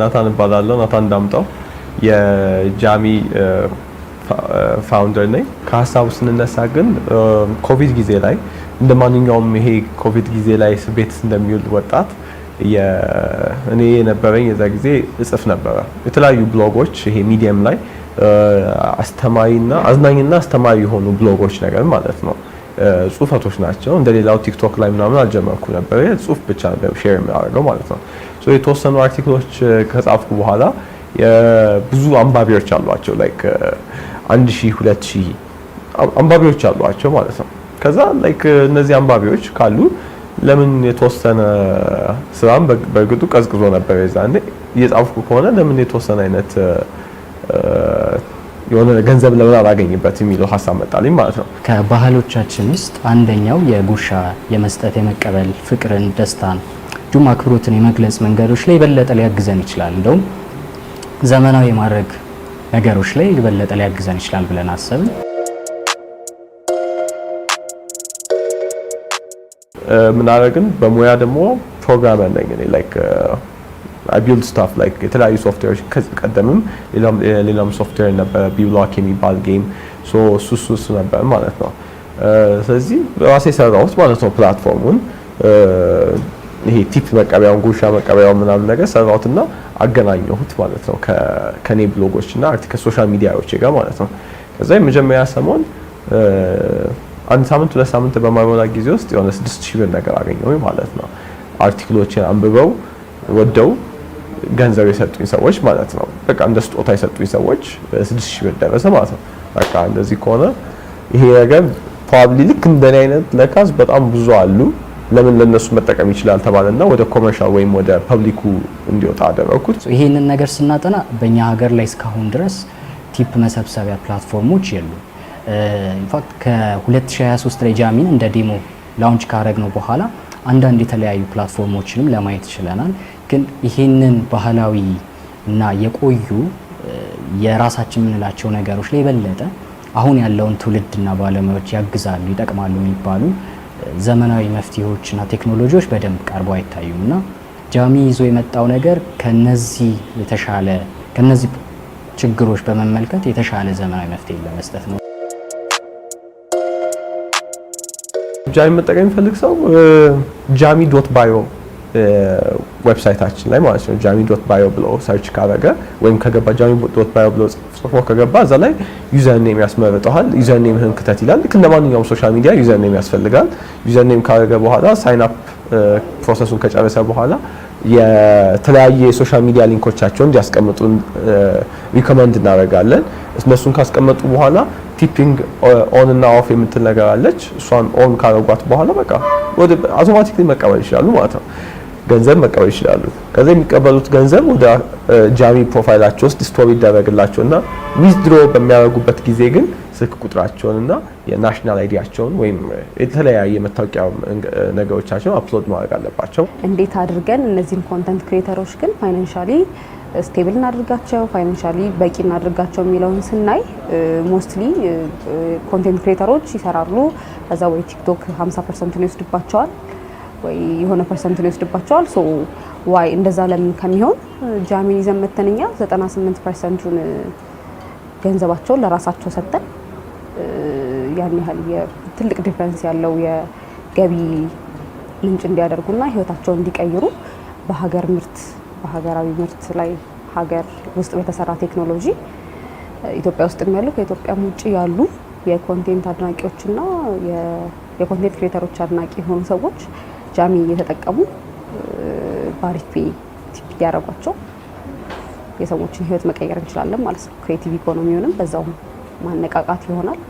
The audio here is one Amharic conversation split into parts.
ናታን እባላለሁ። ናታን እንዳምጣው የጃሚ ፋውንደር ነኝ። ከሀሳቡ ስንነሳ ግን ኮቪድ ጊዜ ላይ እንደ ማንኛውም ይሄ ኮቪድ ጊዜ ላይ ቤት እንደሚውል ወጣት እኔ የነበረኝ የዛ ጊዜ እጽፍ ነበረ። የተለያዩ ብሎጎች ይሄ ሚዲየም ላይ አስተማሪና አዝናኝና አስተማሪ የሆኑ ብሎጎች ነገር ማለት ነው። ጽሁፈቶች ናቸው። እንደ ሌላው ቲክቶክ ላይ ምናምን አልጀመርኩ ነበር። ጽሁፍ ብቻ ሼር የሚያደርገው ማለት ነው። የተወሰኑ አርቲክሎች ከጻፍኩ በኋላ ብዙ አንባቢዎች አሏቸው። ላይክ አንድ ሺህ ሁለት ሺህ አንባቢዎች አሏቸው ማለት ነው። ከዛ ላይክ እነዚህ አንባቢዎች ካሉ ለምን የተወሰነ ስራም በእርግጡ ቀዝቅዞ ነበር የዛኔ እየጻፍኩ ከሆነ ለምን የተወሰነ አይነት የሆነ ገንዘብ ለምን አላገኝበት የሚለው ሀሳብ መጣልኝ ማለት ነው። ከባህሎቻችን ውስጥ አንደኛው የጉርሻ የመስጠት የመቀበል ፍቅርን፣ ደስታን እንዲሁም አክብሮትን የመግለጽ መንገዶች ላይ የበለጠ ሊያግዘን ይችላል። እንደውም ዘመናዊ የማድረግ ነገሮች ላይ የበለጠ ሊያግዘን ይችላል ብለን አሰብን። ምናደረግን በሙያ ደግሞ ፕሮግራም ያለኝ ላይክ ቢልድ ስታፍ ላይክ የተለያዩ ሶፍትዌሮች ከዚህ ቀደምም ሌላም ሶፍትዌር ነበረ ቢብሎክ የሚባል ጌም እሱ እሱ ነበር ማለት ነው። ስለዚህ ራሴ ሰራሁት ማለት ነው ፕላትፎርሙን ይሄ ቲፕ መቀበያውን ጉርሻ መቀበያውን ምናምን ነገር ሰራሁትና አገናኘሁት ማለት ነው ከኔ ብሎጎች እና ከሶሻል ሚዲያዎች ጋር ማለት ነው። ከዛ የመጀመሪያ ሰሞን አንድ ሳምንት ሁለት ሳምንት በማይሞላ ጊዜ ውስጥ የሆነ ስድስት ሺህ ብር ነገር አገኘሁኝ ማለት ነው። አርቲክሎችን አንብበው ወደው ገንዘብ የሰጡኝ ሰዎች ማለት ነው። በቃ እንደ ስጦታ የሰጡኝ ሰዎች ስድስት ሺህ ብር ደረሰ ማለት ነው። በቃ እንደዚህ ከሆነ ይሄ ነገር ፕሮባብሊ ልክ እንደኔ አይነት ለካስ በጣም ብዙ አሉ ለምን ለነሱ መጠቀም ይችላል ተባለና ወደ ኮመርሻል ወይም ወደ ፐብሊኩ እንዲወጣ አደረኩት። ይሄንን ነገር ስናጠና በእኛ ሀገር ላይ እስካሁን ድረስ ቲፕ መሰብሰቢያ ፕላትፎርሞች የሉ። ኢንፋክት ከ2023 ላይ ጃሚን እንደ ዴሞ ላውንች ካረግነው በኋላ አንዳንድ የተለያዩ ፕላትፎርሞችንም ለማየት ችለናል። ግን ይህንን ባህላዊ እና የቆዩ የራሳችን የምንላቸው ነገሮች ላይ የበለጠ አሁን ያለውን ትውልድና ባለሙያዎች ያግዛሉ፣ ይጠቅማሉ የሚባሉ ዘመናዊ መፍትሄዎችና ቴክኖሎጂዎች በደንብ ቀርቦ አይታዩም እና ጃሚ ይዞ የመጣው ነገር ከነዚህ የተሻለ ከነዚህ ችግሮች በመመልከት የተሻለ ዘመናዊ መፍትሄ ለመስጠት ነው። ጃሚ መጠቀም የሚፈልግ ሰው ጃሚ ዶት ባዮ ዌብሳይታችን ላይ ማለት ነው ጃሚ ዶት ባዮ ብሎ ሰርች ካረገ ወይም ከገባ ጃሚ ዶት ባዮ ብሎ ጽፎ ከገባ እዛ ላይ ዩዘር ኔም ያስመርጠዋል። ዩዘር ህን ክተት ይላል። ልክ እንደ ማንኛውም ሶሻል ሚዲያ ዩዘር ኔም ያስፈልጋል። ዩዘር ኔም ካረገ በኋላ ሳይን አፕ ፕሮሰሱን ከጨረሰ በኋላ የተለያየ የሶሻል ሚዲያ ሊንኮቻቸውን እንዲያስቀምጡ ሪኮመንድ እናደርጋለን። እነሱን ካስቀመጡ በኋላ ቲፒንግ ኦን እና ኦፍ የምትል ነገር አለች። እሷን ኦን ካረጓት በኋላ በቃ አውቶማቲክሊ መቀበል ይችላሉ ማለት ነው። ገንዘብ መቀበል ይችላሉ። ከዛ የሚቀበሉት ገንዘብ ወደ ጃሚ ፕሮፋይላቸው ውስጥ ስቶር ይደረግላቸው እና ዊዝድሮ በሚያደርጉበት ጊዜ ግን ስልክ ቁጥራቸውን እና የናሽናል አይዲያቸውን ወይም የተለያየ መታወቂያ ነገሮቻቸውን አፕሎድ ማድረግ አለባቸው። እንዴት አድርገን እነዚህን ኮንተንት ክሬተሮች ግን ፋይናንሻሊ ስቴብል እናድርጋቸው፣ ፋይናንሻሊ በቂ እናድርጋቸው የሚለውን ስናይ ሞስትሊ ኮንቴንት ክሬተሮች ይሰራሉ። ከዛ ወይ ቲክቶክ 50 ፐርሰንቱን ይወስድባቸዋል ወይ የሆነ ፐርሰንት ይወስድባቸዋል። ሶ ዋይ እንደዛ ለምን ከሚሆን ጃሚን ይዘን መተንኛ እኛ 98 ፐርሰንቱን ገንዘባቸውን ለራሳቸው ሰጠን። ያን ያህል ትልቅ ዲፈረንስ ያለው የገቢ ምንጭ እንዲያደርጉና ህይወታቸውን እንዲቀይሩ በሀገር ምርት በሀገራዊ ምርት ላይ ሀገር ውስጥ በተሰራ ቴክኖሎጂ ኢትዮጵያ ውስጥም ያሉ ከኢትዮጵያም ውጭ ያሉ የኮንቴንት አድናቂዎችና የኮንቴንት ክሬተሮች አድናቂ የሆኑ ሰዎች ጃሚ እየተጠቀሙ በአሪፍ ቲፕ እያደረጓቸው የሰዎችን ህይወት መቀየር እንችላለን ማለት ነው። ክሬቲቭ ኢኮኖሚውንም በዛውም ማነቃቃት ይሆናል።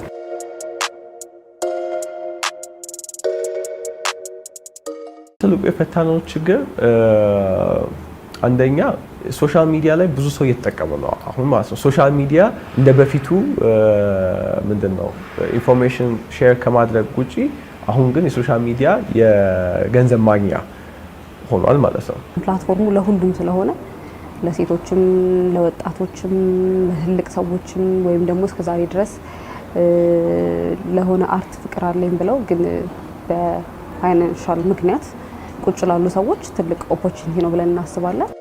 ትልቁ የፈታነው ችግር አንደኛ ሶሻል ሚዲያ ላይ ብዙ ሰው እየተጠቀመ ነው አሁን ማለት ነው። ሶሻል ሚዲያ እንደ በፊቱ ምንድን ነው ኢንፎርሜሽን ሼር ከማድረግ ውጪ አሁን ግን የሶሻል ሚዲያ የገንዘብ ማግኛ ሆኗል ማለት ነው። ፕላትፎርሙ ለሁሉም ስለሆነ ለሴቶችም፣ ለወጣቶችም፣ ለትልቅ ሰዎችም ወይም ደግሞ እስከዛሬ ድረስ ለሆነ አርት ፍቅር አለኝ ብለው ግን በፋይናንሻል ምክንያት ቁጭ ላሉ ሰዎች ትልቅ ኦፖርቹኒቲ ነው ብለን እናስባለን።